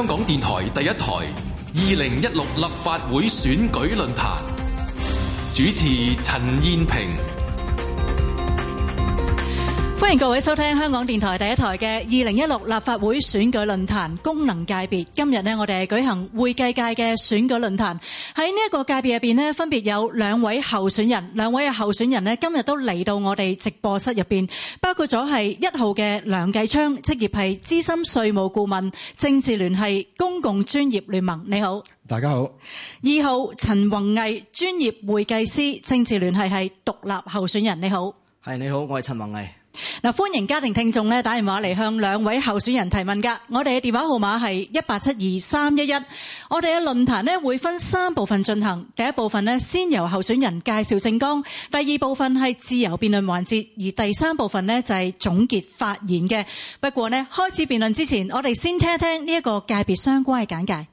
香港電台第一台二零一六立法會選舉論壇主持陳燕萍。歡迎各位收聽香港電台第一台嘅二零一六立法會選舉論壇功能界別。今日呢，我哋係舉行會計界嘅選舉論壇。喺呢一個界別入邊呢，分別有兩位候選人，兩位嘅候選人呢，今日都嚟到我哋直播室入邊，包括咗係一號嘅梁繼昌，職業係資深稅務顧問，政治聯繫公共專業聯盟。你好，大家好。二號陳宏毅，專業會計師，政治聯繫係獨立候選人。你好，係你好，我係陳宏毅。嗱，歡迎家庭聽眾咧打電話嚟向兩位候選人提問噶。我哋嘅電話號碼係一八七二三一一。我哋嘅論壇咧會分三部分進行。第一部分咧先由候選人介紹政綱，第二部分係自由辯論環節，而第三部分咧就係總結發言嘅。不過咧開始辯論之前，我哋先聽一聽呢一個界別相關嘅簡介。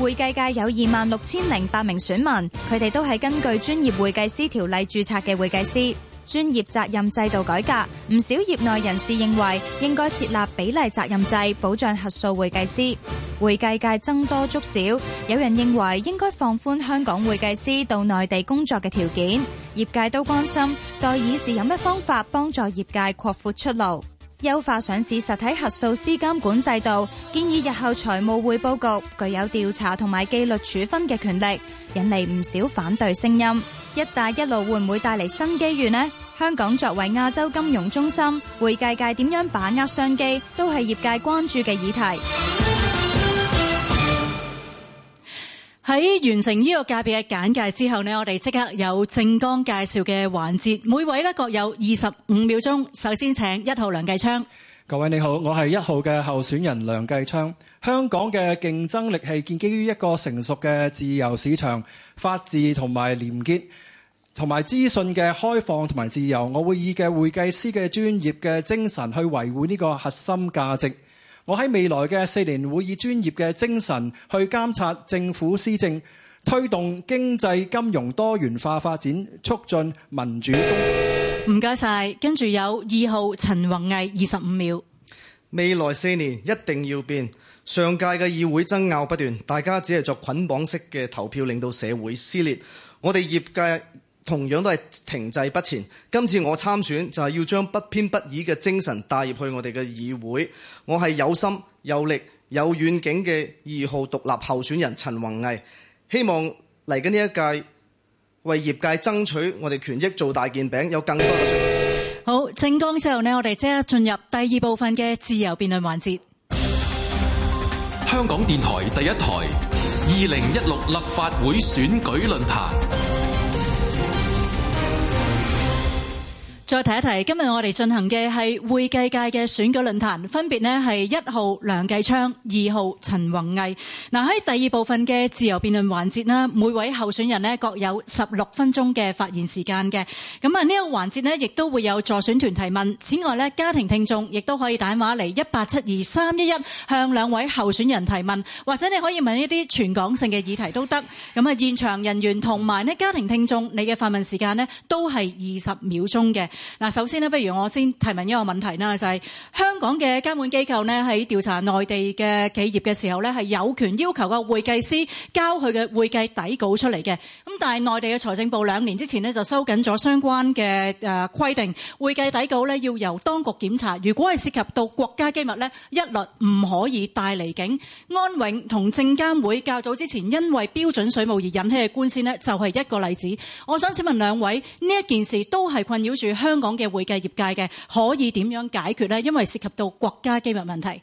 會計界有二萬六千零八名選民，佢哋都係根據專業會計師條例註冊嘅會計師。專業責任制度改革，唔少業內人士認為應該設立比例責任制，保障核數會計師。會計界僧多粥少，有人認為應該放寬香港會計師到內地工作嘅條件。業界都關心，代議士有乜方法幫助業界擴闊出路？優化上市實體核數師監管制度，建議日後財務匯報局具有調查同埋紀律處分嘅權力，引嚟唔少反對聲音。“一帶一路”會唔會帶嚟新機遇呢？香港作為亞洲金融中心，會計界點樣把握商機，都係業界關注嘅議題。喺完成呢個界別嘅簡介之後呢，我哋即刻有政綱介紹嘅環節，每位呢各有二十五秒鐘。首先請一號梁繼昌。各位你好，我係一號嘅候選人梁繼昌。香港嘅競爭力係建基於一個成熟嘅自由市場、法治同埋廉潔，同埋資訊嘅開放同埋自由。我會以嘅會計師嘅專業嘅精神去維護呢個核心價值。我喺未來嘅四年會以專業嘅精神去監察政府施政，推動經濟金融多元化發展，促進民主公平。唔該晒，跟住有二號陳宏毅，二十五秒。未來四年一定要變。上屆嘅議會爭拗不斷，大家只係作捆綁式嘅投票，令到社會撕裂。我哋業界同樣都係停滯不前。今次我參選就係要將不偏不倚嘅精神帶入去我哋嘅議會。我係有心、有力、有遠景嘅二號獨立候選人陳宏毅，希望嚟緊呢一屆為業界爭取我哋權益，做大件餅，有更多嘅選擇。好，政綱之後呢，我哋即刻進入第二部分嘅自由辯論環節。香港電台第一台《二零一六立法會選舉論壇》。再提一提，今日我哋進行嘅係會計界嘅選舉論壇，分別咧係一號梁繼昌、二號陳弘毅。喺第二部分嘅自由辯論環節啦，每位候選人呢各有十六分鐘嘅發言時間嘅。咁啊，呢個環節呢亦都會有助選團提問。此外呢家庭聽眾亦都可以打電話嚟一八七二三一一向兩位候選人提問，或者你可以問一啲全港性嘅議題都得。咁啊，現場人員同埋呢家庭聽眾，你嘅發問時間呢都係二十秒鐘嘅。嗱，首先咧，不如我先提問一個問題啦，就係香港嘅監管機構咧，喺調查內地嘅企業嘅時候咧，係有權要求個會計師交佢嘅會計底稿出嚟嘅。咁但係內地嘅財政部兩年之前咧就收緊咗相關嘅誒規定，會計底稿咧要由當局檢查。如果係涉及到國家機密咧，一律唔可以帶離境。安永同證監會較早之前因為標準水務而引起嘅官司咧，就係一個例子。我想請問兩位，呢一件事都係困擾住香香港嘅會計業界嘅可以點樣解決呢？因為涉及到國家機密問題。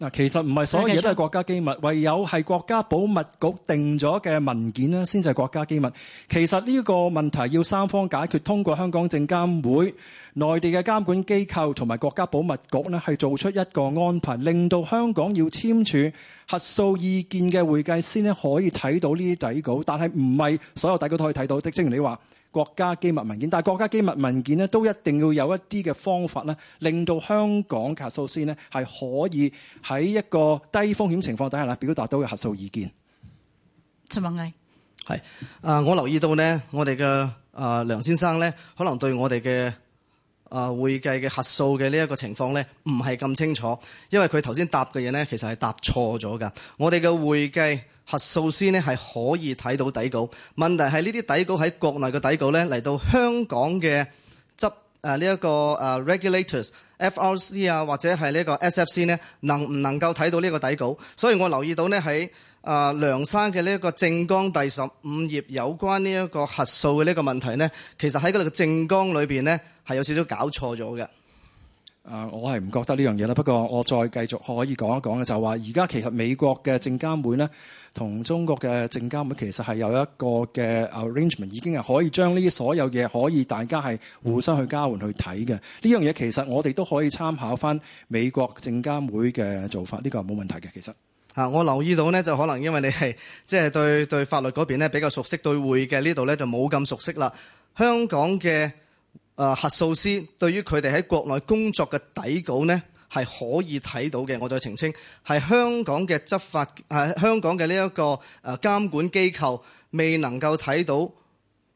嗱，其實唔係所有嘢都係國家機密，唯有係國家保密局定咗嘅文件呢，先係國家機密。其實呢個問題要三方解決，通過香港證監會、內地嘅監管機構同埋國家保密局呢，係做出一個安排，令到香港要簽署核數意見嘅會計師呢，可以睇到呢啲底稿。但係唔係所有底稿都可以睇到的。正如你話。國家機密文件，但係國家機密文件咧，都一定要有一啲嘅方法咧，令到香港核數師咧係可以喺一個低風險情況底下咧，表達到嘅核數意見。陳文藝，係啊，我留意到呢，我哋嘅啊梁先生咧，可能對我哋嘅啊會計嘅核數嘅呢一個情況咧，唔係咁清楚，因為佢頭先答嘅嘢咧，其實係答錯咗㗎。我哋嘅會計。核數師呢係可以睇到底稿，問題係呢啲底稿喺國內嘅底稿咧嚟到香港嘅執呢一、啊這個、啊、regulators F R C 啊，或者係呢個 S F C 呢能唔能夠睇到呢個底稿？所以我留意到咧喺誒梁生嘅呢一個政綱第十五頁有關呢一個核數嘅呢個問題咧，其實喺嗰度嘅政綱裏面咧係有少少搞錯咗嘅。啊，我係唔覺得呢樣嘢啦。不過我再繼續可以講一講嘅就係話，而家其實美國嘅證監會呢，同中國嘅證監會其實係有一個嘅 arrangement，已經係可以將呢啲所有嘢可以大家係互相去交換去睇嘅。呢樣嘢其實我哋都可以參考翻美國證監會嘅做法，呢個係冇問題嘅。其實、啊、我留意到呢，就可能因為你係即係對對法律嗰邊呢比較熟悉，對會嘅呢度呢就冇咁熟悉啦。香港嘅。誒、啊、核數師對於佢哋喺國內工作嘅底稿呢，係可以睇到嘅。我再澄清，係香港嘅執法、啊、香港嘅呢一個誒監管機構未能夠睇到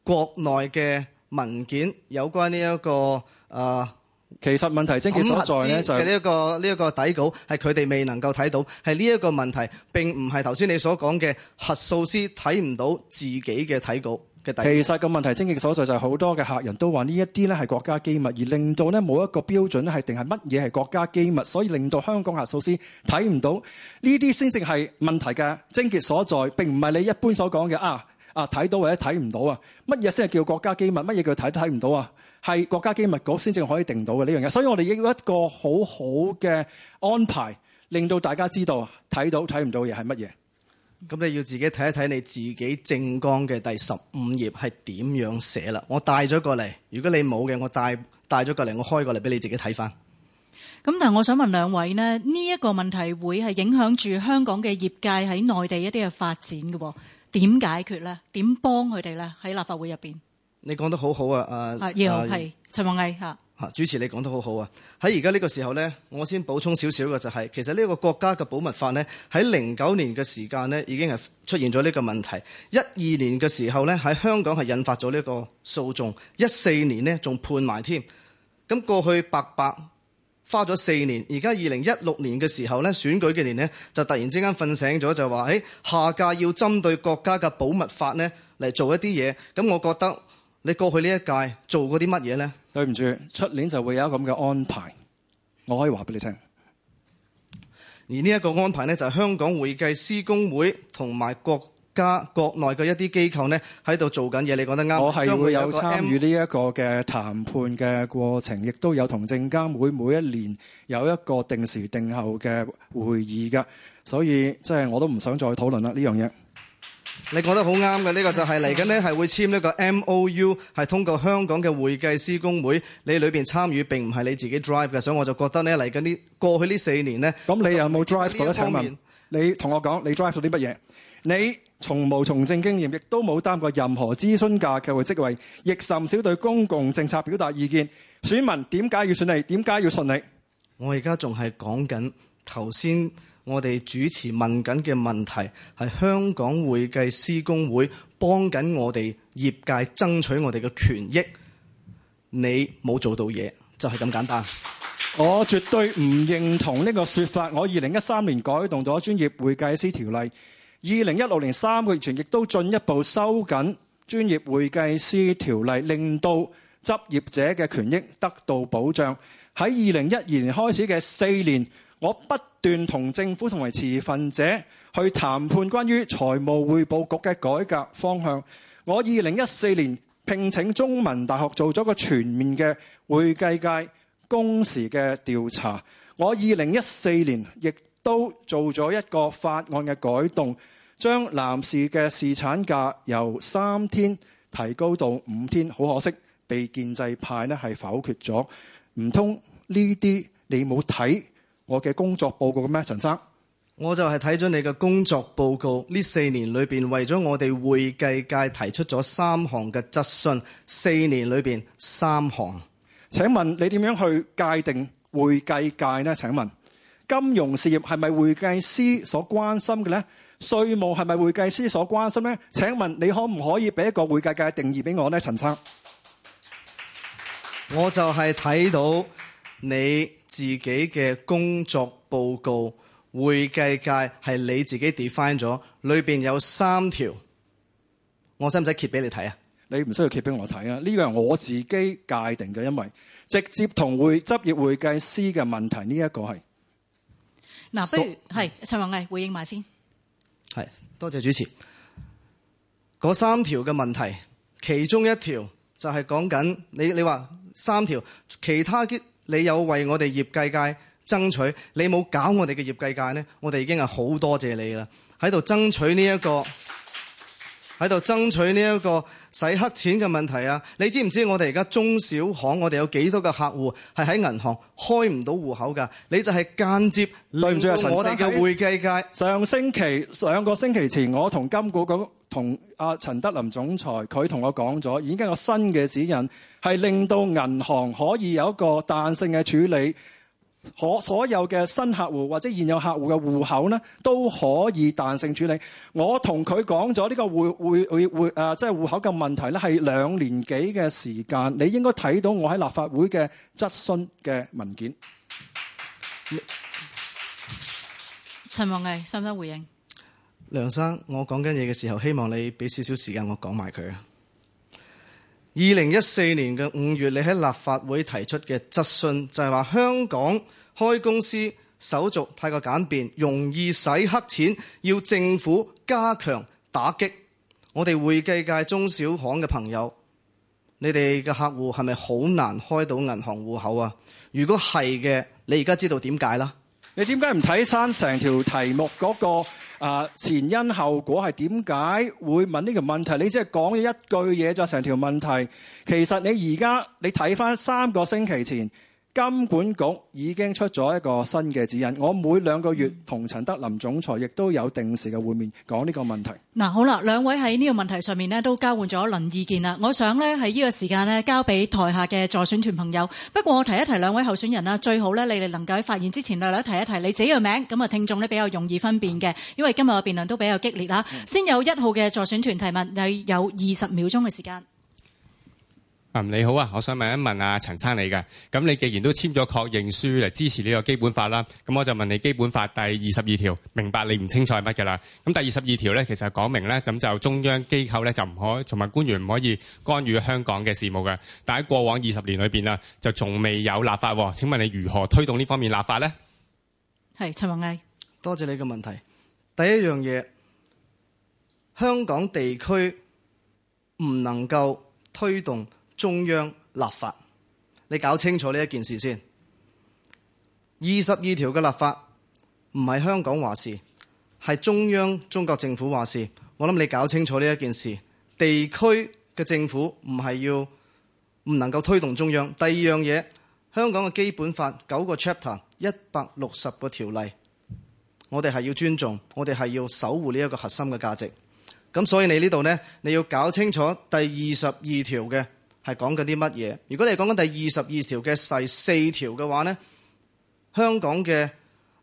國內嘅文件有關呢、這、一個誒。啊、其實問題症結所在咧，就係呢一個呢一、這個底稿係佢哋未能夠睇到，係呢一個問題並唔係頭先你所講嘅核數師睇唔到自己嘅底稿。其實個問題症結所在就係好多嘅客人都話呢一啲咧係國家機密，而令到咧冇一個標準係係定係乜嘢係國家機密，所以令到香港核數師睇唔到呢啲先至係問題嘅症結所在，並唔係你一般所講嘅啊啊睇到或者睇唔到啊，乜嘢先係叫國家機密，乜嘢叫睇都睇唔到啊？係國家機密局先至可以定到嘅呢樣嘢，所以我哋要一個好好嘅安排，令到大家知道睇到睇唔到嘢係乜嘢。咁你要自己睇一睇你自己政綱嘅第十五頁係點樣寫啦，我帶咗過嚟。如果你冇嘅，我帶帶咗過嚟，我開過嚟俾你自己睇翻。咁但係我想問兩位呢，呢、這、一個問題會係影響住香港嘅業界喺內地一啲嘅發展嘅，點解決咧？點幫佢哋咧？喺立法會入邊，你講得好好啊！啊，葉係陳毅吓。嚇！主持你講得好好啊！喺而家呢個時候呢，我先補充少少嘅就係，其實呢個國家嘅保密法呢，喺零九年嘅時間呢已經係出現咗呢個問題。一二年嘅時候呢，喺香港係引發咗呢個訴訟。一四年呢，仲判埋添。咁過去白白花咗四年，而家二零一六年嘅時候呢，選舉嘅年呢，就突然之間瞓醒咗，就話喺下屆要針對國家嘅保密法呢嚟做一啲嘢。咁我覺得。你過去呢一屆做過啲乜嘢呢？對唔住，出年就會有咁嘅安排，我可以話俾你聽。而呢一個安排呢，就係香港會計師公會同埋國家國內嘅一啲機構呢，喺度做緊嘢。你講得啱，我係會有參與呢一個嘅談判嘅過程，亦都有同證監會每一年有一個定時定候嘅會議㗎。所以即係、就是、我都唔想再討論啦呢樣嘢。這個你講得好啱嘅，呢個就係嚟緊呢係會簽呢個 M O U，係通過香港嘅會計師公會，你裏面參與並唔係你自己 drive 嘅，所以我就覺得呢嚟緊呢過去呢四年呢，咁你有冇 drive 到咧？一方面請問你同我講，你 drive 到啲乜嘢？你從無從政經驗亦都冇擔過任何諮詢架構嘅職位，亦甚少對公共政策表達意見。選民點解要選你？點解要信你？我而家仲係講緊頭先。我哋主持問緊嘅問題係香港會計師公會幫緊我哋業界爭取我哋嘅權益，你冇做到嘢，就係、是、咁簡單。我絕對唔認同呢個說法。我二零一三年改動咗專業會計師條例，二零一六年三個月前亦都進一步收緊專業會計師條例，令到執業者嘅權益得到保障。喺二零一二年開始嘅四年。我不斷同政府同埋持份者去談判，關於財務匯報局嘅改革方向。我二零一四年聘請中文大學做咗個全面嘅會計界工時嘅調查。我二零一四年亦都做咗一個法案嘅改動，將男士嘅侍產假由三天提高到五天。好可惜被建制派呢係否決咗。唔通呢啲你冇睇？我嘅工作報告嘅咩，陳生？我就係睇咗你嘅工作報告，呢四年裏邊，為咗我哋會計界提出咗三項嘅質詢，四年裏邊三項，三項。請問你點樣去界定會計界呢？請問金融事業係咪會計師所關心嘅呢？稅務係咪會計師所關心呢？請問你可唔可以俾一個會計界定義俾我呢？陳生，我就係睇到你自己嘅工作報告，會計界係你自己 define 咗，裏邊有三條，我使唔使揭俾你睇啊？你唔需要揭俾我睇啊？呢個係我自己界定嘅，因為直接同會執業會計師嘅問題呢一個係，嗱，不如係屬陳宏毅回應埋先，係多謝主持。嗰三條嘅問題，其中一條就係講緊你，你話三條，其他嘅。你有為我哋業界界爭取，你冇搞我哋嘅業界界咧，我哋已經係好多謝你啦！喺度爭取呢、這、一個。喺度爭取呢一個洗黑錢嘅問題啊！你知唔知我哋而家中小行我哋有幾多個客戶係喺銀行開唔到戶口㗎？你就係間接對唔住啊，陳生，我哋嘅會計界上星期上個星期前，我同金管局，同阿陳德林總裁，佢同我講咗，已經有個新嘅指引，係令到銀行可以有一個彈性嘅處理。可所有嘅新客戶或者現有客戶嘅戶口呢，都可以彈性處理。我同佢講咗呢個戶戶戶、誒，即係戶口嘅問題呢，係兩年幾嘅時間。你應該睇到我喺立法會嘅質詢嘅文件。陳王毅，使唔使回應？梁生，我講緊嘢嘅時候，希望你俾少少時間我講埋佢啊。二零一四年嘅五月，你喺立法會提出嘅質詢就係話香港開公司手續太過簡便，容易洗黑錢，要政府加強打擊。我哋會計界中小行嘅朋友，你哋嘅客戶係咪好難開到銀行戶口啊？如果係嘅，你而家知道點解啦？你點解唔睇返成條題目嗰個？前因後果係點解會問呢個問題？你只係講咗一句嘢就成條問題。其實你而家你睇翻三個星期前。金管局已經出咗一個新嘅指引，我每兩個月同陳德霖總裁亦都有定時嘅會面講呢個問題。嗱、嗯，好啦，兩位喺呢個問題上面呢都交換咗一輪意見啦。我想呢，喺呢個時間呢，交俾台下嘅助選團朋友。不過我提一提兩位候選人啦，最好呢，你哋能夠喺發言之前略略提一提你自己嘅名，咁啊聽眾呢，比較容易分辨嘅，因為今日嘅辯論都比較激烈啦。嗯、先有一號嘅助選團提問，係有二十秒鐘嘅時間。你好啊！我想問一問阿陳生你嘅，咁你既然都簽咗確認書嚟支持呢個基本法啦，咁我就問你：基本法第二十二條，明白你唔清楚係乜嘅啦？咁第二十二條呢，其實係講明呢，咁就中央機構呢，就唔可，同埋官員唔可以干預香港嘅事務嘅。但喺過往二十年裏邊啊，就仲未有立法。請問你如何推動呢方面立法呢？係陳文藝，多謝你嘅問題。第一樣嘢，香港地區唔能夠推動。中央立法，你搞清楚呢一件事先。二十二條嘅立法唔係香港話事，係中央中國政府話事。我諗你搞清楚呢一件事，地區嘅政府唔係要唔能夠推動中央。第二樣嘢，香港嘅基本法九個 chapter 一百六十個條例，我哋係要尊重，我哋係要守護呢一個核心嘅價值。咁所以你這裏呢度咧，你要搞清楚第二十二條嘅。係講緊啲乜嘢？如果你講講緊第二十二條嘅第四條嘅話呢，香港嘅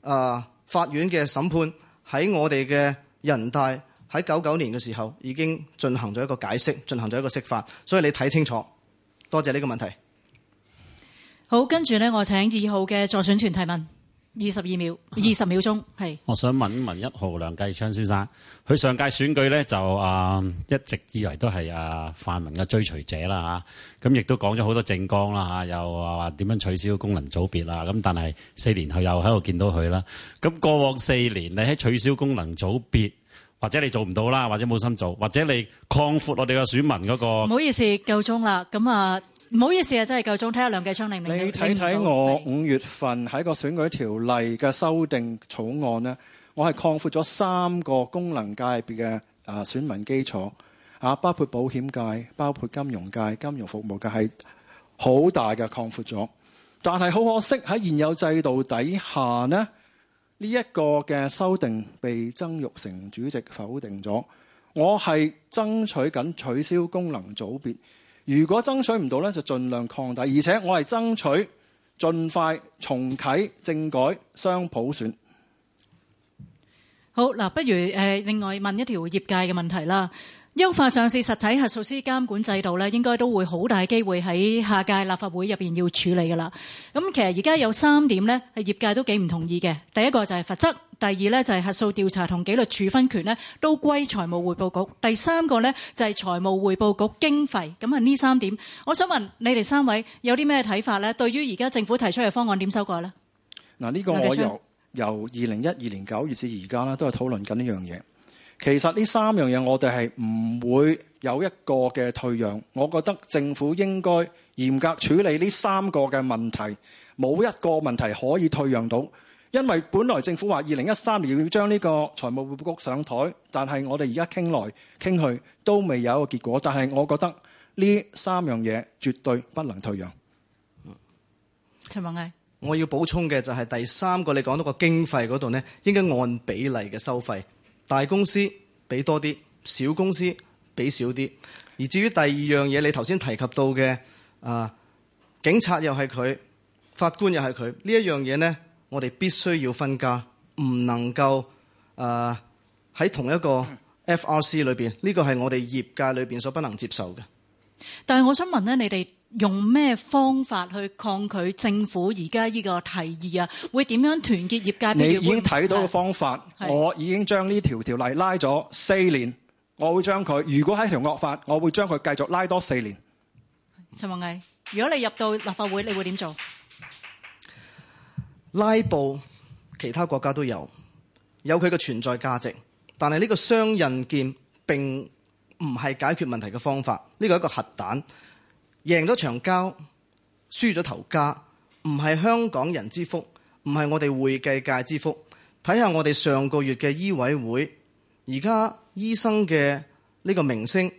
啊、呃、法院嘅審判喺我哋嘅人大喺九九年嘅時候已經進行咗一個解釋，進行咗一個釋法，所以你睇清楚。多謝呢個問題。好，跟住呢，我請二號嘅助選團提問。二十二秒，二十秒鐘，係。我想問一問一號梁繼昌先生，佢上屆選舉咧就啊、呃、一直以為都係啊泛民嘅追隨者啦嚇，咁亦都講咗好多政綱啦嚇、啊，又話點樣取消功能組別啦咁但係四年後又喺度見到佢啦。咁過往四年你喺取消功能組別，或者你做唔到啦，或者冇心做，或者你擴闊我哋嘅選民嗰個？唔好意思，夠鐘啦，咁啊。唔好意思啊，真係夠鐘，睇下梁繼昌令唔你睇睇，我五月份喺個選舉條例嘅修訂草案呢，我係擴闊咗三個功能界別嘅啊選民基礎，包括保險界、包括金融界、金融服務界係好大嘅擴闊咗，但係好可惜喺現有制度底下呢，呢一個嘅修訂被曾玉成主席否定咗。我係爭取緊取消功能組別。如果爭取唔到呢，就盡量擴大，而且我係爭取盡快重啟政改、雙普選。好嗱，不如誒另外問一條業界嘅問題啦。優化上市實體核數師監管制度呢，應該都會好大機會喺下屆立法會入面要處理噶啦。咁其實而家有三點呢，係業界都幾唔同意嘅。第一個就係罰則。第二咧，就係核數調查同紀律處分權咧，都歸財務匯報局。第三個呢，就係財務匯報局經費。咁啊呢三點，我想問你哋三位有啲咩睇法呢？對於而家政府提出嘅方案點修改呢？嗱，呢個我由由二零一二年九月至而家呢，都係討論緊呢樣嘢。其實呢三樣嘢我哋係唔會有一個嘅退讓。我覺得政府應該嚴格處理呢三個嘅問題，冇一個問題可以退讓到。因為本來政府話二零一三年要將呢個財務報告上台，但係我哋而家傾來傾去都未有一個結果。但係我覺得呢三樣嘢絕對不能退讓。陳文藝，我要補充嘅就係第三個，你講到個經費嗰度呢，應該按比例嘅收費，大公司俾多啲，小公司俾少啲。而至於第二樣嘢，你頭先提及到嘅啊，警察又係佢，法官又係佢呢一樣嘢呢。我哋必須要分家，唔能夠誒喺、呃、同一個 FRC 裏面。呢個係我哋業界裏面所不能接受嘅。但係我想問咧，你哋用咩方法去抗拒政府而家呢個提議啊？會點樣團結業界？你已經睇到個方法，是我已經將呢條條例拉咗四年，我會將佢。如果係條惡法，我會將佢繼續拉多四年。陳文藝，如果你入到立法會，你會點做？拉布，其他國家都有，有佢嘅存在價值。但係呢個雙刃劍並唔係解決問題嘅方法，呢個係一個核彈。贏咗場交，輸咗頭家，唔係香港人之福，唔係我哋會計界之福。睇下我哋上個月嘅醫委會，而家醫生嘅呢個名聲，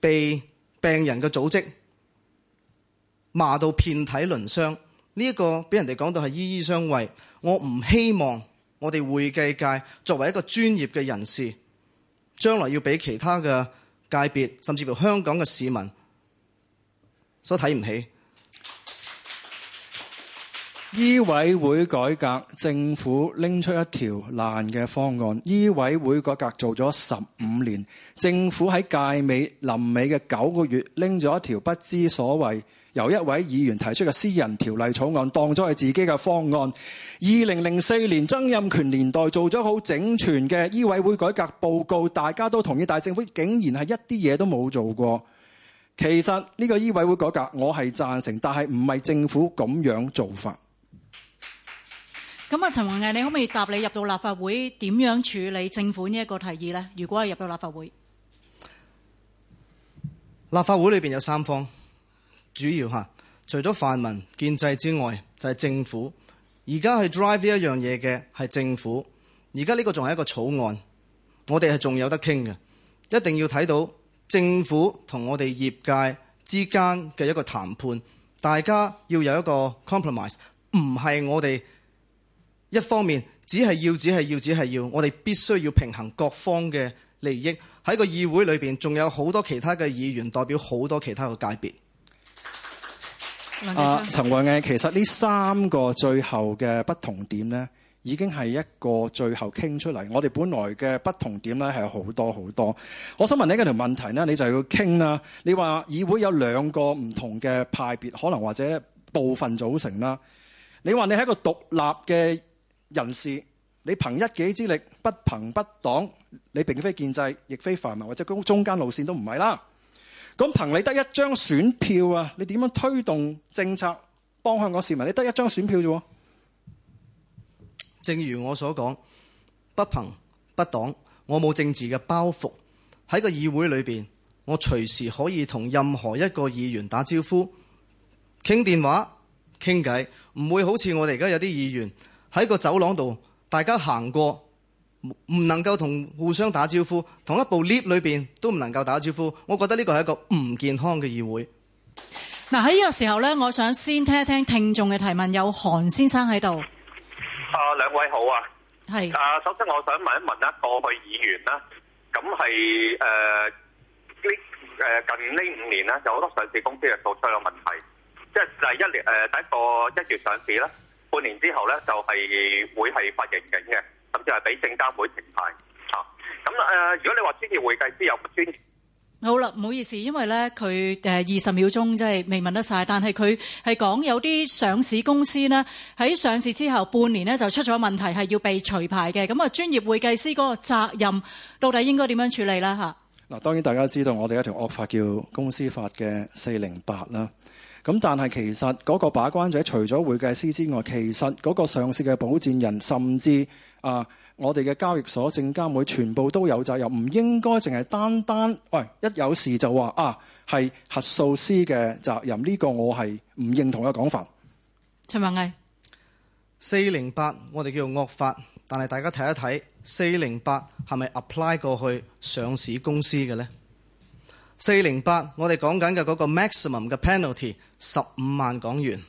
被病人嘅組織罵到遍體鱗傷。呢個俾人哋講到係醫醫相衛，我唔希望我哋會計界作為一個專業嘅人士，將來要俾其他嘅界別，甚至乎香港嘅市民所睇唔起。醫委會改革，政府拎出一條爛嘅方案。醫委會改革做咗十五年，政府喺屆尾臨尾嘅九個月，拎咗一條不知所謂，由一位議員提出嘅私人條例草案當咗係自己嘅方案。二零零四年曾蔭權年代做咗好整全嘅醫委會改革報告，大家都同意，但政府竟然係一啲嘢都冇做過。其實呢個醫委會改革我係贊成，但係唔係政府咁樣做法。咁啊，陳弘毅，你可唔可以答你入到立法會點樣處理政府呢一個提議呢？如果係入到立法會，立法會裏面有三方。主要吓，除咗泛民建制之外，就係政府。而家係 drive 呢一樣嘢嘅係政府。而家呢個仲係一個草案，我哋係仲有得傾嘅。一定要睇到政府同我哋業界之間嘅一個談判，大家要有一個 compromise，唔係我哋一方面只係要，只係要，只係要。我哋必須要平衡各方嘅利益。喺個議會裏邊，仲有好多其他嘅議員，代表好多其他嘅界別。啊、呃，陳慧毅，其實呢三個最後嘅不同點呢，已經係一個最後傾出嚟。我哋本來嘅不同點呢，係好多好多。我想問你一條問題呢，你就要傾啦。你話議會有兩個唔同嘅派別，可能或者部分組成啦。你話你係一個獨立嘅人士，你憑一己之力不憑不黨，你並非建制，亦非泛民，或者中間路線都唔係啦。咁憑你得一張選票啊，你點樣推動政策幫香港市民？你得一張選票啫喎。正如我所講，不憑不黨，我冇政治嘅包袱喺個議會裏面，我隨時可以同任何一個議員打招呼、傾電話、傾偈，唔會好似我哋而家有啲議員喺個走廊度，大家行過。唔能夠同互相打招呼，同一部 lift 裏邊都唔能夠打招呼。我覺得呢個係一個唔健康嘅議會。嗱喺呢個時候呢，我想先聽一聽聽，聽眾嘅提問。有韓先生喺度。啊，兩位好啊。係是。啊，首先我想問一問一個過去議員啦。咁係誒呢誒近呢五年呢，有好多上市公司嘅做出有問題，即、就、係、是、第一年誒、呃、第一個一月上市啦，半年之後呢，就係、是、會係發盈警嘅。就係俾證監會直辦啊。咁誒，如果你話專業會計師又唔專業好啦，唔好意思，因為咧佢誒二十秒鐘即係未問得晒，但係佢係講有啲上市公司呢，喺上市之後半年呢，就出咗問題，係要被除牌嘅。咁啊，專業會計師嗰個責任到底應該點樣處理咧？吓嗱，當然大家知道我哋一條惡法叫公司法嘅四零八啦。咁但係其實嗰個把關者除咗會計師之外，其實嗰個上市嘅保薦人甚至。啊！Uh, 我哋嘅交易所、證監會全部都有責任，唔應該淨係單單喂一有事就話啊，係核數師嘅責任。呢、這個我係唔認同嘅講法。陳文藝，四零八我哋叫做惡法，但係大家睇一睇四零八係咪 apply 過去上市公司嘅呢？四零八我哋講緊嘅嗰個 maximum 嘅 penalty 十五萬港元。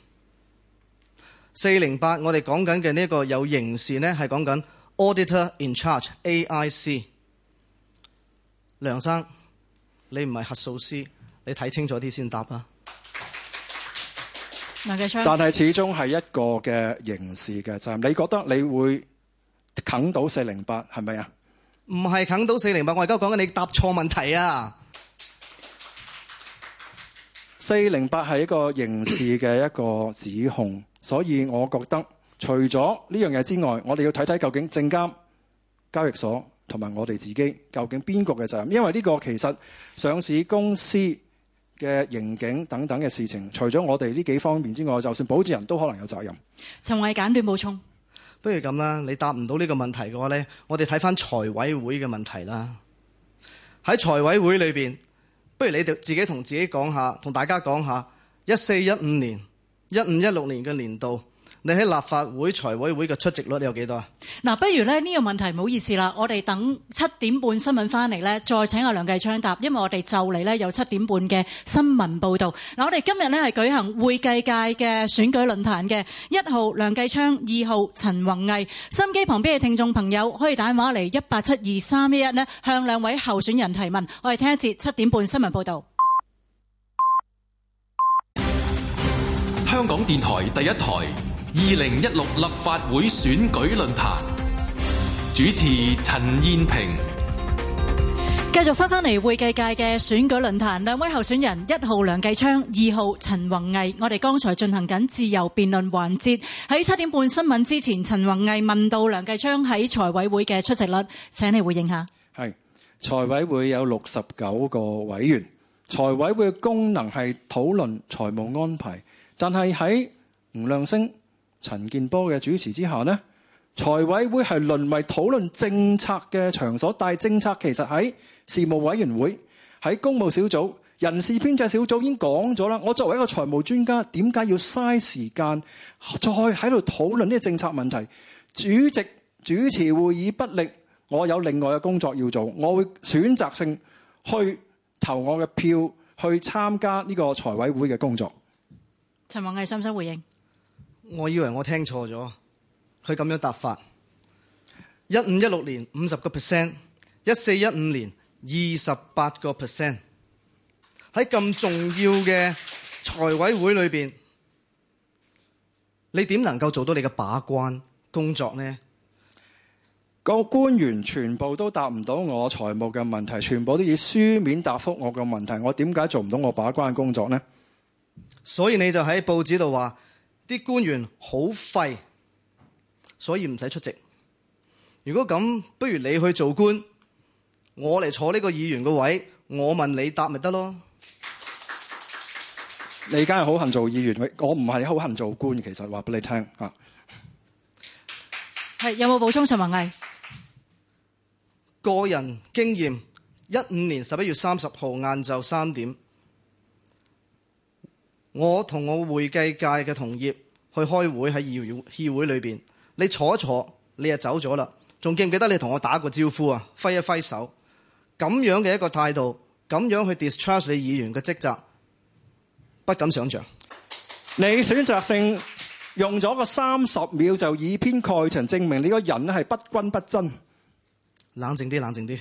四零八，8，我哋講緊嘅呢個有刑事呢係講緊 Auditor in Charge（AIC）。梁生，你唔係核數師，你睇清楚啲先答啊！但係始終係一個嘅刑事嘅責任，你覺得你會啃到四零八係咪啊？唔係啃到四零八，我而家講緊你答錯問題啊！四零八係一個刑事嘅一個指控。 所以，我覺得除咗呢樣嘢之外，我哋要睇睇究竟證監、交易所同埋我哋自己究竟邊個嘅責任？因為呢個其實上市公司嘅刑警等等嘅事情，除咗我哋呢幾方面之外，就算保證人都可能有責任。陳偉簡短補充：，不如咁啦，你答唔到呢個問題嘅話咧，我哋睇翻財委會嘅問題啦。喺財委會裏邊，不如你哋自己同自己講下，同大家講下，一四一五年。一五一六年嘅年度，你喺立法會財委會嘅出席率有幾多啊？嗱，不如呢呢個問題唔好意思啦，我哋等七點半新聞翻嚟咧，再請阿梁繼昌答，因為我哋就嚟咧有七點半嘅新聞報道。嗱，我哋今日咧係舉行會計界嘅選舉論壇嘅，一號梁繼昌，二號陳宏毅。心機旁邊嘅聽眾朋友，可以打電話嚟一八七二三一一咧，向兩位候選人提問。我哋聽一節七點半新聞報道。香港電台第一台二零一六立法會選舉論壇主持陳燕萍，繼續翻返嚟會計界嘅選舉論壇，兩位候選人一號梁繼昌，二號陳宏毅。我哋剛才進行緊自由辯論環節，喺七點半新聞之前，陳宏毅問到梁繼昌喺財委會嘅出席率，請你回應下。係財委會有六十九個委員，財委會嘅功能係討論財務安排。但係喺吳亮星、陳健波嘅主持之下呢，財委會係淪為討論政策嘅場所，但係政策其實喺事務委員會喺公務小組人事編制小組已經講咗啦。我作為一個財務專家，點解要嘥時間再喺度討論呢個政策問題？主席主持會議不力，我有另外嘅工作要做，我會選擇性去投我嘅票，去參加呢個財委會嘅工作。陳雲藝，想唔想回應？我以為我聽錯咗，佢咁樣答法。一五一六年五十個 percent，一四一五年二十八個 percent。喺咁重要嘅財委會裏邊，你點能夠做到你嘅把關工作呢？個官員全部都答唔到我財務嘅問題，全部都以書面答覆我嘅問題。我點解做唔到我把關工作呢？所以你就喺報紙度話啲官員好廢，所以唔使出席。如果咁，不如你去做官，我嚟坐呢個議員嘅位，我問你答咪得咯？你梗係好恨做議員，我唔係好恨做官。其實話俾你聽吓，係有冇補充陳文藝？個人經驗，一五年十一月三十號晏晝三點。我同我會計界嘅同業去開會喺議會裏邊，你坐一坐，你就走咗啦。仲記唔記得你同我打過招呼啊？揮一揮手，咁樣嘅一個態度，咁樣去 discharge 你議員嘅職責，不敢想象。你選擇性用咗個三十秒就以偏概全，證明你個人咧係不均不真。冷靜啲，冷靜啲。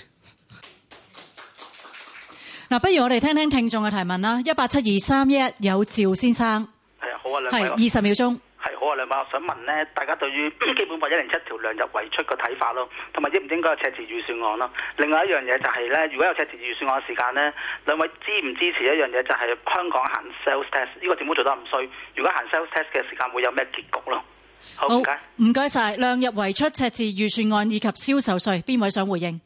嗱、啊，不如我哋聽聽聽眾嘅提問啦。一八七二三一有趙先生，係啊，好啊，兩位，二十是秒鐘，係好啊，兩位，我想問咧，大家對於基本法一零七條量入為出嘅睇法咯，同埋應唔應該赤字預算案咯？另外一樣嘢就係咧，如果有赤字預算案嘅時間咧，兩位支唔支持一樣嘢就係香港行 sales tax 呢個政府做得唔衰？如果行 sales tax 嘅時間會有咩結局咯？好唔該，唔該晒，量入為出、赤字預算案以及銷售稅，邊位想回應？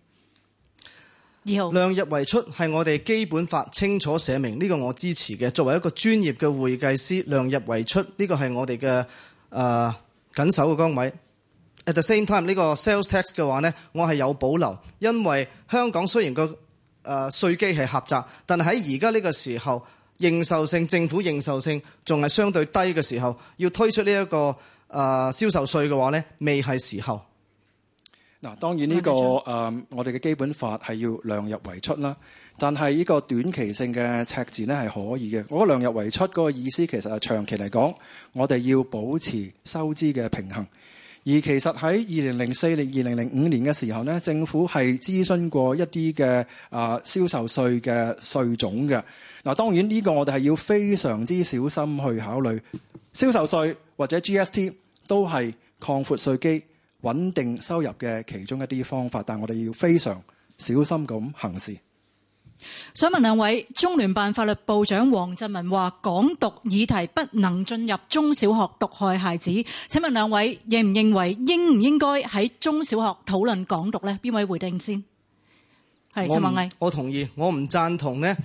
量入為出係我哋基本法清楚寫明，呢、這個我支持嘅。作為一個專業嘅會計師，量入為出呢、這個係我哋嘅誒緊守嘅崗位。At the same time，呢個 sales tax 嘅話呢，我係有保留，因為香港雖然個誒稅基係狹窄，但係喺而家呢個時候，認受性政府認受性仲係相對低嘅時候，要推出呢、這、一個誒銷、呃、售稅嘅話呢，未係時候。嗱，當然呢個誒，我哋嘅基本法係要量入為出啦。但係呢個短期性嘅赤字咧係可以嘅。我覺得量入為出嗰個意思，其實係長期嚟講，我哋要保持收支嘅平衡。而其實喺二零零四年、二零零五年嘅時候呢，政府係諮詢過一啲嘅誒銷售稅嘅稅種嘅。嗱，當然呢個我哋係要非常之小心去考慮銷售稅或者 GST 都係擴闊稅基，穩定收入嘅其中一啲方法，但我哋要非常小心咁行事。想問兩位，中聯辦法律部長王振民話港獨議題不能進入中小學，毒害孩子。請問兩位認唔認為應唔應該喺中小學討論港獨呢？邊位回應先？係不陳文藝，我同意，我唔贊同呢。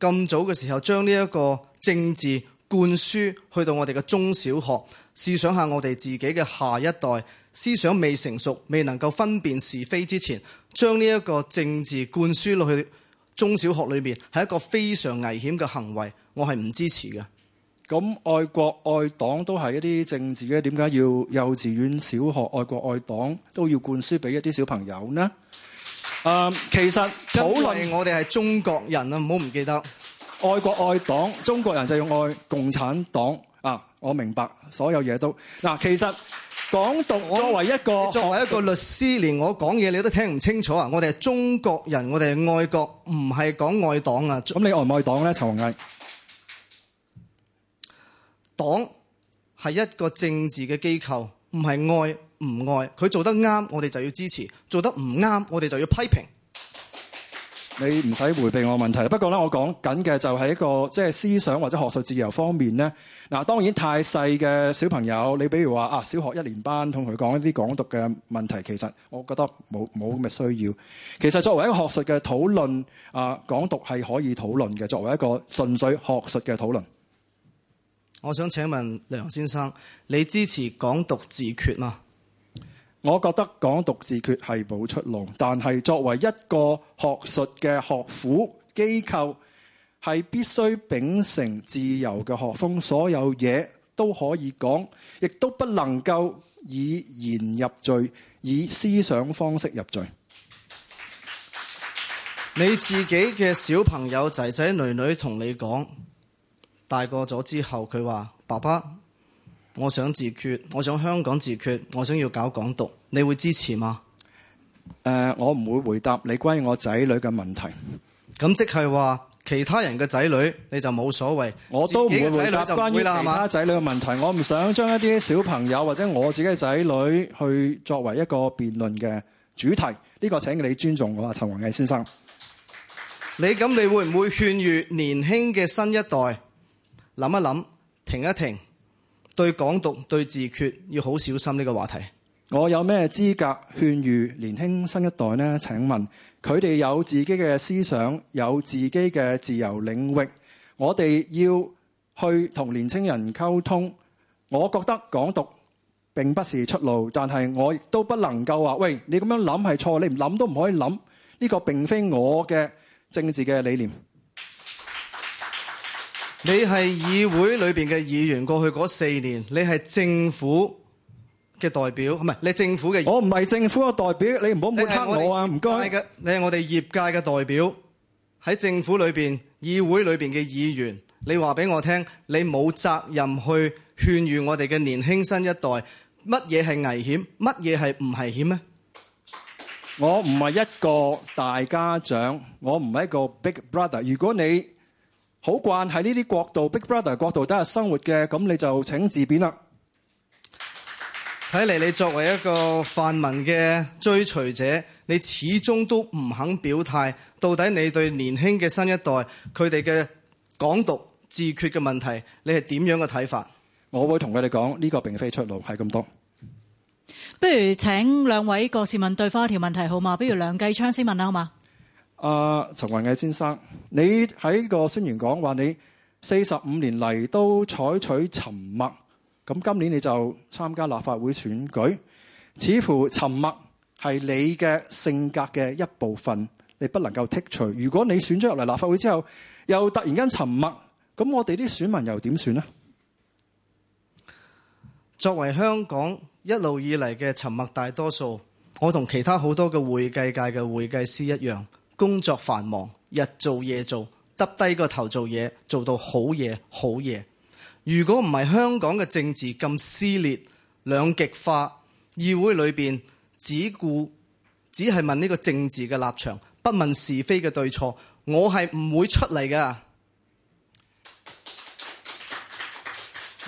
咁早嘅時候將呢一個政治灌輸去到我哋嘅中小學，試想下我哋自己嘅下一代，思想未成熟、未能夠分辨是非之前，將呢一個政治灌輸落去中小學裏面，係一個非常危險嘅行為，我係唔支持嘅。咁、嗯、愛國愛黨都係一啲政治嘅，點解要幼稚園、小學愛國愛黨都要灌輸俾一啲小朋友呢？嗯、其實討論我哋係中國人啊，唔好唔記得愛國愛黨，中國人就要愛共產黨啊！我明白所有嘢都嗱、啊，其實。港獨，我作為一個作為一個律師，連我講嘢你都聽唔清楚啊！我哋係中國人，我哋係愛國，唔係講愛黨啊！咁你愛唔愛黨呢？陳弘毅？黨係一個政治嘅機構，唔係愛唔愛，佢做得啱，我哋就要支持；做得唔啱，我哋就要批評。你唔使回避我問題。不過咧，我講緊嘅就係一個即係、就是、思想或者學術自由方面呢嗱，當然太細嘅小朋友，你比如話啊，小學一年班，同佢講一啲港獨嘅問題，其實我覺得冇冇咁嘅需要。其實作為一個學術嘅討論，啊，港獨係可以討論嘅，作為一個純粹學術嘅討論。我想請問梁先生，你支持港獨自決嗎？我覺得講獨自決係冇出路，但係作為一個學術嘅學府機構，係必須秉承自由嘅學風，所有嘢都可以講，亦都不能夠以言入罪，以思想方式入罪。你自己嘅小朋友仔仔女女同你講，大個咗之後，佢話：爸爸。我想自決，我想香港自決，我想要搞港獨，你會支持嗎？誒、呃，我唔會回答你關於我仔女嘅問題。咁即係話其他人嘅仔女你就冇所謂？我都唔會回答會關於其他仔女嘅問題。吧我唔想將一啲小朋友或者我自己嘅仔女去作為一個辯論嘅主題，呢、這個請你尊重我啊，陳宏毅先生。你咁你會唔會勸喻年輕嘅新一代諗一諗，停一停？對港獨、對自決要好小心呢個話題。我有咩資格勸喻年輕新一代呢？請問佢哋有自己嘅思想，有自己嘅自由領域。我哋要去同年輕人溝通。我覺得港獨並不是出路，但係我亦都不能夠話：「喂，你咁樣諗係錯，你唔諗都唔可以諗。」呢個並非我嘅政治嘅理念。你係議會裏邊嘅議員，過去嗰四年，你係政府嘅代表，唔係你是政府嘅。我唔係政府嘅代表，你唔好抹黑我啊！唔該。你係我哋業界嘅託代表，喺政府裏邊、議會裏邊嘅議員，你話俾我聽，你冇責任去勸喻我哋嘅年輕新一代，乜嘢係危險，乜嘢係唔危險呢？我唔係一個大家長，我唔係一個 big brother。如果你好慣喺呢啲國度、Big Brother 國度底下生活嘅，咁你就請自便啦。睇嚟你作為一個泛民嘅追隨者，你始終都唔肯表態，到底你對年輕嘅新一代佢哋嘅港獨自決嘅問題，你係點樣嘅睇法？我會同佢哋講，呢、這個並非出路，係咁多。不如請兩位各自問對方一條問題好嘛？不如梁繼昌先問啦，好嘛？阿陳雲毅先生，你喺個宣言講話，你四十五年嚟都採取沉默，咁今年你就參加立法會選舉，似乎沉默係你嘅性格嘅一部分，你不能夠剔除。如果你選咗入嚟立法會之後，又突然間沉默，咁我哋啲選民又點選呢？作為香港一路以嚟嘅沉默大多數，我同其他好多嘅會計界嘅會計師一樣。工作繁忙，日做夜做，耷低個頭做嘢，做到好嘢好嘢。如果唔係香港嘅政治咁撕裂、兩極化，議會裏邊只顧只係問呢個政治嘅立場，不問是非嘅對錯，我係唔會出嚟㗎。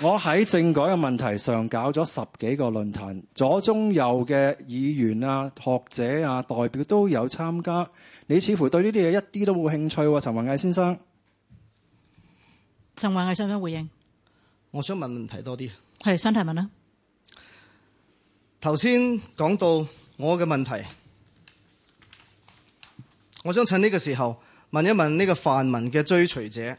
我喺政改嘅問題上搞咗十幾個論壇，左中右嘅議員啊、學者啊、代表都有參加。你似乎對呢啲嘢一啲都冇興趣喎，陳雲毅先生。陳雲毅，想唔想回應？我想問問題多啲。係，想提問啊。頭先講到我嘅問題，我想趁呢個時候問一問呢個泛民嘅追隨者，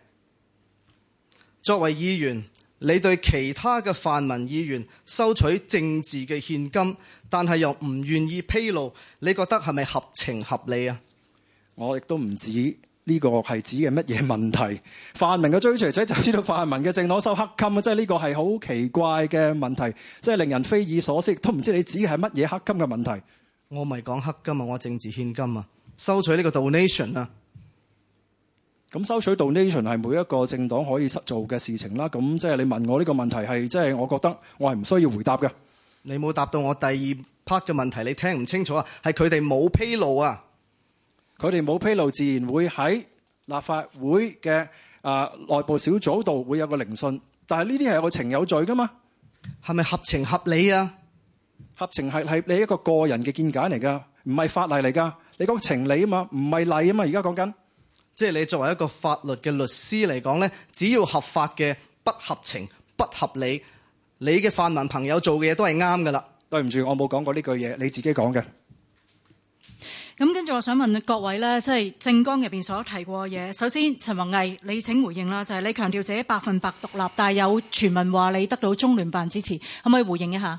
作為議員。你對其他嘅泛民議員收取政治嘅獻金，但係又唔願意披露，你覺得係咪合情合理啊？我亦都唔知呢個係指嘅乜嘢問題。泛民嘅追隨者就知道泛民嘅政黨收黑金啊，即係呢個係好奇怪嘅問題，即係令人匪夷所思，都唔知你指嘅係乜嘢黑金嘅問題。我咪講黑金啊，我政治獻金啊，收取呢個 donation 啊。咁收取 donation 係每一個政黨可以做嘅事情啦。咁即係你問我呢個問題係即係我覺得我係唔需要回答嘅。你冇答到我第二 part 嘅問題，你聽唔清楚啊？係佢哋冇披露啊？佢哋冇披露，自然會喺立法會嘅啊內部小組度會有個聆訊。但係呢啲係有情有罪噶嘛？係咪合情合理啊？合情係係你一個個人嘅見解嚟噶，唔係法例嚟噶。你講情理啊嘛，唔係例啊嘛。而家講緊。即係你作為一個法律嘅律師嚟講呢，只要合法嘅、不合情、不合理，你嘅泛民朋友做嘅嘢都係啱嘅啦。對唔住，我冇講過呢句嘢，你自己講嘅。咁跟住我想問各位呢，即係政綱入面所提過嘅嘢。首先，陳弘毅，你請回應啦，就係你強調自己百分百獨立，但有傳聞話你得到中聯辦支持，可唔可以回應一下？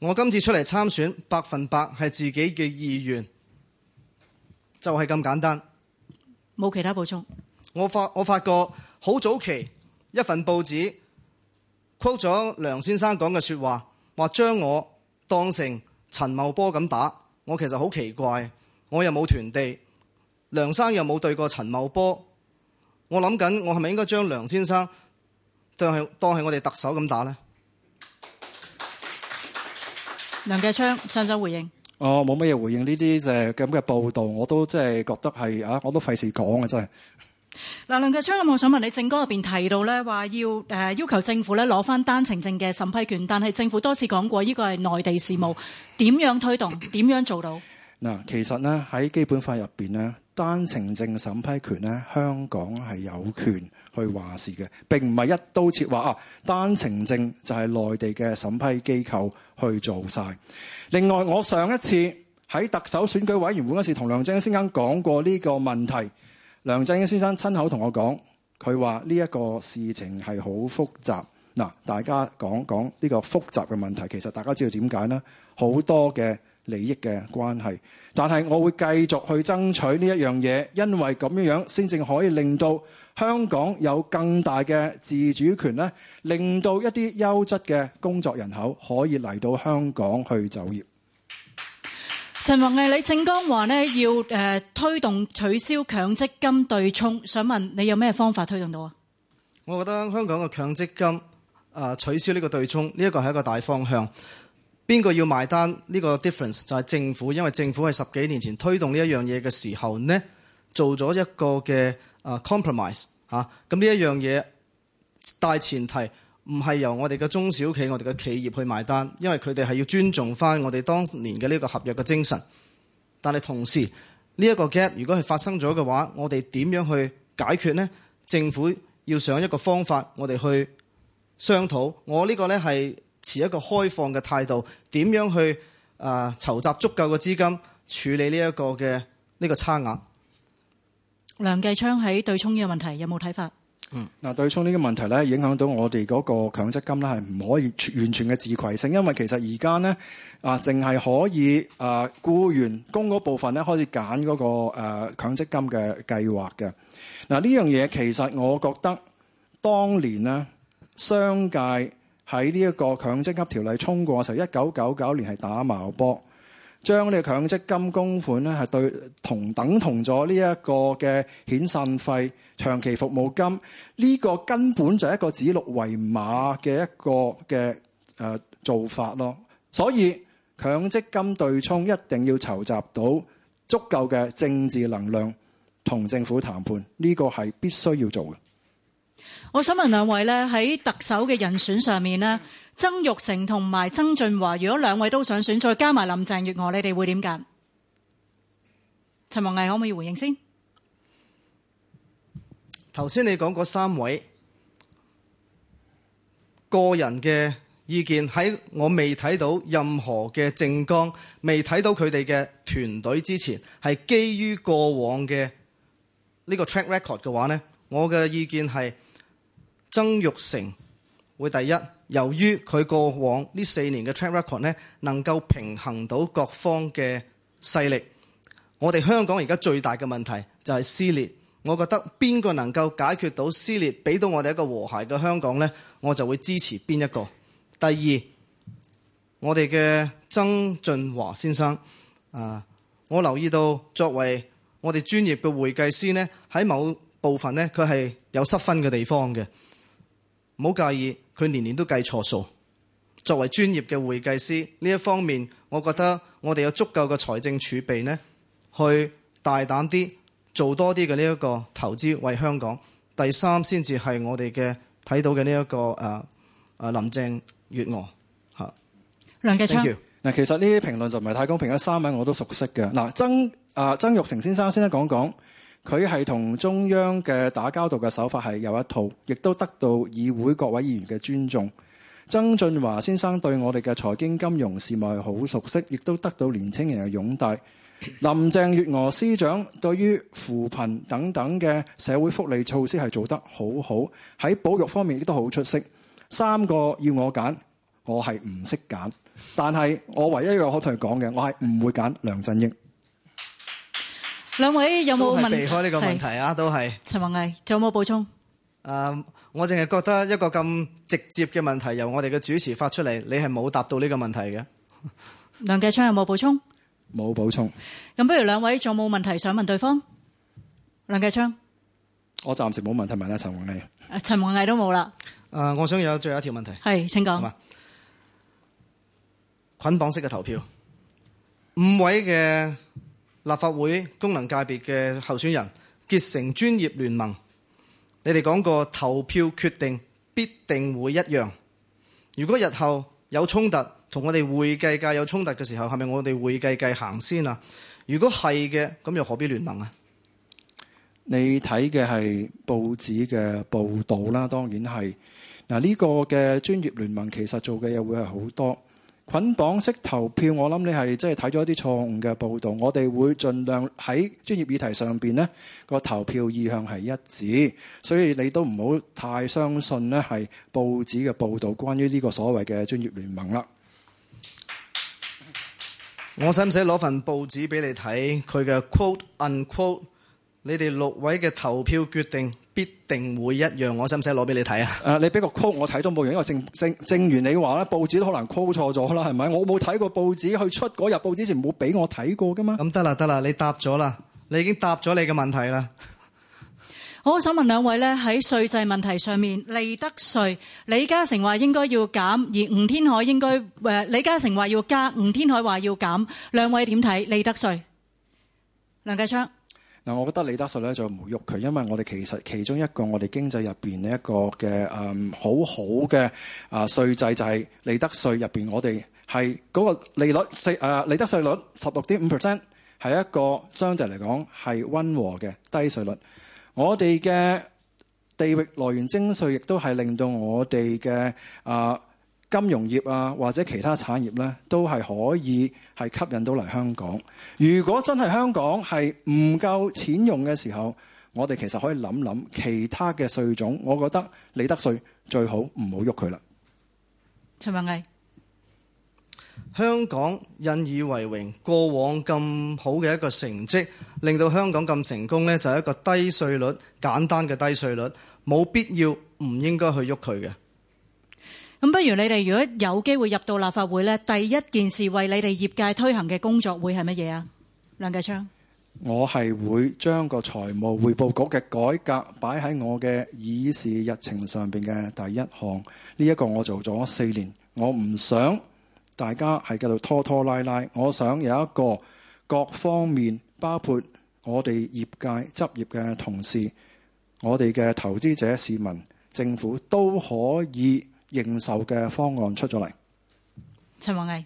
我今次出嚟參選，百分百係自己嘅意願，就係咁簡單。冇其他補充。我發我發覺好早期一份報紙，quote 咗梁先生講嘅説話，話將我當成陳茂波咁打，我其實好奇怪，我又冇團地，梁先生又冇對過陳茂波，我諗緊我係咪應該將梁先生當係當係我哋特首咁打呢？梁繼昌上週回應。哦，冇乜嘢回應呢啲就係咁嘅報道，我都即係覺得係啊，我都費事講呀真係。嗱、呃，梁繼昌咁，我想問你，政綱入邊提到咧，話要誒、呃、要求政府咧攞返單程證嘅審批權，但係政府多次講過，呢、呢個係內地事務，點樣推動，點樣做到？嗱、呃，其實呢喺基本法入邊呢單程證審批權呢香港係有權去話事嘅，並唔係一刀切話啊，單程證就係內地嘅審批機構去做晒。另外，我上一次喺特首選舉委員會嗰時，同梁振英先生講過呢個問題。梁振英先生親口同我講，佢話呢一個事情係好複雜。嗱，大家講講呢個複雜嘅問題，其實大家知道點解咧？好多嘅。利益嘅關係，但係我會繼續去爭取呢一樣嘢，因為咁樣樣先至可以令到香港有更大嘅自主權咧，令到一啲優質嘅工作人口可以嚟到香港去就業。陳弘毅，你政綱話呢要誒推動取消強積金對沖，想問你有咩方法推動到啊？我覺得香港嘅強積金啊，取消呢個對沖，呢一個係一個大方向。邊個要埋單？呢、這個 difference 就係政府，因為政府喺十幾年前推動呢一樣嘢嘅時候呢，做咗一個嘅啊 compromise 咁呢一樣嘢大前提唔係由我哋嘅中小企、我哋嘅企業去埋單，因為佢哋係要尊重翻我哋當年嘅呢個合約嘅精神。但係同時呢一、這個 gap 如果係發生咗嘅話，我哋點樣去解決呢？政府要上一個方法，我哋去商討。我呢個呢係。持一個開放嘅態度，點樣去啊籌、呃、集足夠嘅資金處理呢一個嘅呢、呢個差額？梁繼昌喺對沖呢個問題有冇睇法？嗯，嗱，對沖呢個問題咧，影響到我哋嗰個強積金咧，係唔可以完全嘅自攜性，因為其實而家咧啊，淨、呃、係可以啊、呃，僱員工嗰部分咧開始揀嗰個誒、呃、強積金嘅計劃嘅。嗱、呃，呢樣嘢其實我覺得當年呢，商界。喺呢一個強積金條例衝過時，一九九九年係打矛波，將呢個強積金供款咧係對同等同咗呢一個嘅遣散費、長期服務金，呢個根本就係一個指鹿為馬嘅一個嘅誒做法咯。所以強積金對沖一定要籌集到足夠嘅政治能量同政府談判，呢個係必須要做嘅。我想問兩位呢，喺特首嘅人選上面呢，曾鈺成同埋曾俊華，如果兩位都想選，再加埋林鄭月娥，你哋會點揀？陳茂毅可唔可以回應先？頭先你講嗰三位個人嘅意見，喺我未睇到任何嘅政綱，未睇到佢哋嘅團隊之前，係基於過往嘅呢個 track record 嘅話呢，我嘅意見係。曾玉成會第一，由於佢過往呢四年嘅 track record 呢，能夠平衡到各方嘅勢力。我哋香港而家最大嘅問題就係撕裂。我覺得邊個能夠解決到撕裂，俾到我哋一個和諧嘅香港呢，我就會支持邊一個。第二，我哋嘅曾俊華先生啊，我留意到作為我哋專業嘅會計師呢，喺某部分呢，佢係有失分嘅地方嘅。唔好介意，佢年年都計錯數。作為專業嘅會計師，呢一方面，我覺得我哋有足夠嘅財政儲備呢，去大膽啲做多啲嘅呢一個投資，為香港。第三先至係我哋嘅睇到嘅呢一個、啊、林鄭月娥嚇。梁繼昌嗱，Thank you. 其實呢啲評論就唔係太公平。三位我都熟悉嘅嗱，曾啊曾玉成先生先一講講。佢係同中央嘅打交道嘅手法係有一套，亦都得到議會各位議員嘅尊重。曾俊華先生對我哋嘅財經金融事務係好熟悉，亦都得到年青人嘅擁戴。 林鄭月娥司長對於扶貧等等嘅社會福利措施係做得好好，喺保育方面亦都好出色。三個要我揀，我係唔識揀，但係我唯一一個可同佢講嘅，我係唔會揀梁振英。兩位有冇問？都係避開呢個問題啊！都係陳宏毅，仲有冇補充？誒、呃，我淨係覺得一個咁直接嘅問題，由我哋嘅主持發出嚟，你係冇答到呢個問題嘅。梁繼昌有冇補充？冇補充。咁不如兩位仲有冇問題想問對方？梁繼昌，我暫時冇問題問啦。陳宏毅，陳宏毅都冇啦。誒、呃，我想有最後一條問題。係，請講。捆綁式嘅投票，五位嘅。立法會功能界別嘅候選人結成專業聯盟，你哋講過投票決定必定會一樣。如果日後有衝突，同我哋會計界有衝突嘅時候，係咪我哋會計界行先啊？如果係嘅，咁又何必聯盟啊？你睇嘅係報紙嘅報道啦，當然係。嗱，呢個嘅專業聯盟，其實做嘅嘢會係好多。捆綁式投票，我諗你係真係睇咗一啲錯誤嘅報道。我哋會盡量喺專業議題上邊，呢個投票意向係一致，所以你都唔好太相信呢係報紙嘅報導關於呢個所謂嘅專業聯盟啦。我使唔使攞份報紙俾你睇佢嘅 quote unquote？你哋六位嘅投票決定必定會一樣，我使唔使攞俾你睇啊？誒，你俾個 call 我睇都冇用，因為正正正如你話咧，報紙都可能 call 錯咗啦，係咪？我冇睇過報紙，佢出嗰日報紙前冇俾我睇過噶嘛？咁得啦，得啦，你答咗啦，你已經答咗你嘅問題啦。好，我想問兩位咧，喺稅制問題上面，利得稅，李嘉誠話應該要減，而吳天海應該誒，李嘉誠話要加，吳天海話要減，兩位點睇？利得稅，梁繼昌。嗱，我覺得利得稅咧就唔好喐佢，因為我哋其實其中一個我哋經濟入邊呢一個嘅誒好好嘅啊稅制就係利得稅入邊，我哋係嗰個利率稅誒利得稅率十六點五 percent 係一個相對嚟講係温和嘅低稅率。我哋嘅地域來源徵稅亦都係令到我哋嘅啊。呃金融業啊，或者其他產業呢都係可以係吸引到嚟香港。如果真係香港係唔夠錢用嘅時候，我哋其實可以諗諗其他嘅稅種。我覺得利得稅最好唔好喐佢啦。陳文毅，香港引以為榮，過往咁好嘅一個成績，令到香港咁成功呢就係、是、一個低稅率、簡單嘅低稅率，冇必要、唔應該去喐佢嘅。咁不如你哋如果有機會入到立法會咧，第一件事為你哋業界推行嘅工作會係乜嘢啊？梁繼昌，我係會將個財務匯報局嘅改革擺喺我嘅議事日程上邊嘅第一項。呢一個我做咗四年，我唔想大家喺度拖拖拉拉，我想有一個各方面包括我哋業界執業嘅同事、我哋嘅投資者、市民、政府都可以。認受嘅方案出咗嚟。陳弘毅，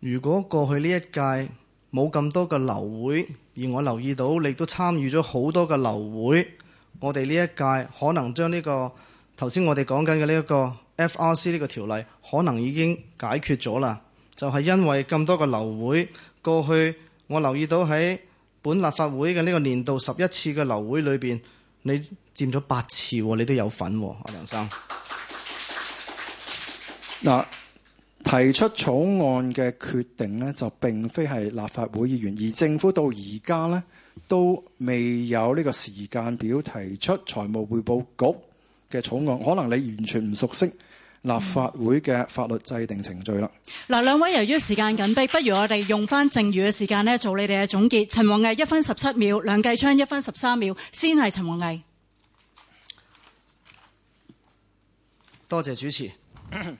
如果過去呢一屆冇咁多嘅流會，而我留意到你都參與咗好多嘅流會，我哋呢一屆可能將呢、呢個頭先我哋講緊嘅呢一個 FRC 呢個條例，可能已經解決咗啦。就係、係、因為咁多嘅流會，過去我留意到喺本立法會嘅呢個年度十一次嘅流會裏邊，你佔咗八次，你都有份、啊。阿梁生。嗱，提出草案嘅決定咧，就並非係立法會議員，而政府到而家咧都未有呢個時間表提出財務匯報局嘅草案。可能你完全唔熟悉立法會嘅法律制定程序啦。嗱、嗯，兩位由於時間緊迫，不如我哋用翻剩餘嘅時間咧做你哋嘅總結。陳宏毅一分十七秒，梁繼昌一分十三秒，先係陳宏毅。多謝主持。咳咳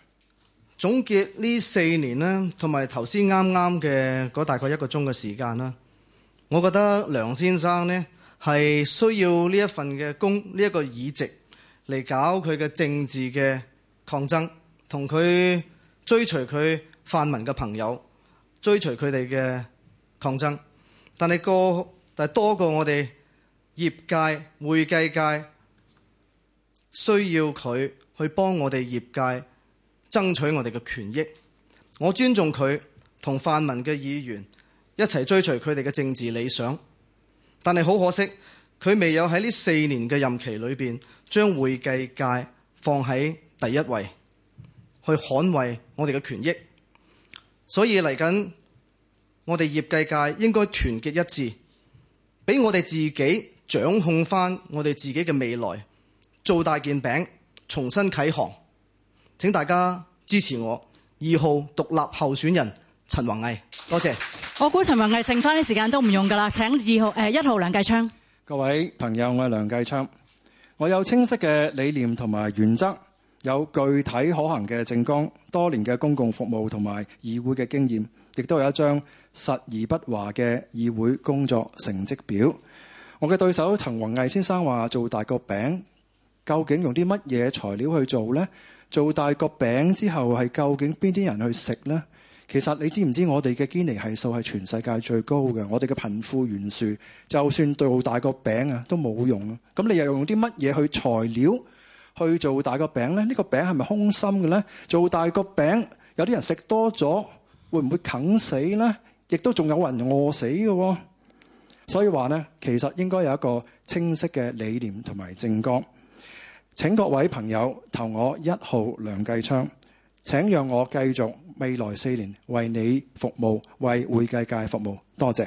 總結呢四年呢同埋頭先啱啱嘅嗰大概一個鐘嘅時間啦，我覺得梁先生呢係需要呢一份嘅工，呢一個議席嚟搞佢嘅政治嘅抗爭，同佢追隨佢泛民嘅朋友，追隨佢哋嘅抗爭。但係過，但係多過我哋業界會計界需要佢去幫我哋業界。爭取我哋嘅權益，我尊重佢同泛民嘅議員一齊追隨佢哋嘅政治理想，但係好可惜，佢未有喺呢四年嘅任期裏邊將會計界放喺第一位去捍衞我哋嘅權益，所以嚟緊我哋業界界應該團結一致，俾我哋自己掌控翻我哋自己嘅未來，做大件餅，重新啟航。請大家支持我二號獨立候選人陳宏毅，多謝。我估陳宏毅剩翻啲時間都唔用㗎啦。請二號，誒，一號梁繼昌。各位朋友，我係梁繼昌。我有清晰嘅理念同埋原則，有具體可行嘅政綱，多年嘅公共服務同埋議會嘅經驗，亦都有一張實而不華嘅議會工作成績表。我嘅對手陳宏毅先生話做大個餅，究竟用啲乜嘢材料去做呢？做大個餅之後係究竟邊啲人去食呢？其實你知唔知我哋嘅堅尼係數係全世界最高嘅？我哋嘅貧富懸殊，就算做大個餅啊都冇用咯。咁你又用啲乜嘢去材料去做大個餅呢？呢、呢個餅係咪空心嘅呢？做大個餅，有啲人食多咗會唔會啃死呢？亦都仲有人餓死嘅喎、哦。所以話呢，其實應該有一個清晰嘅理念同埋政綱。請各位朋友投我一號梁繼昌。請讓我繼續未來四年為你服務，為會計界服務。多謝。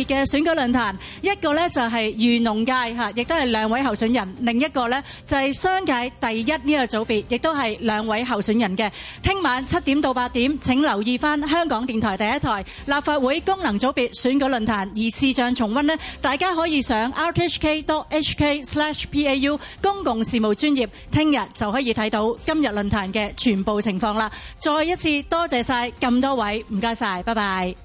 嘅選舉論壇，一個呢就係漁農界嚇，亦都係兩位候選人；另一個呢就係商界第一呢個組別，亦都係兩位候選人嘅。聽晚七點到八點，請留意翻香港電台第一台立法會功能組別選舉論壇，而視像重温咧，大家可以上 rthk.hk/pau 公共事務專頁，聽日就可以睇到今日論壇嘅全部情況啦。再一次多謝晒咁多位，唔該晒，拜拜。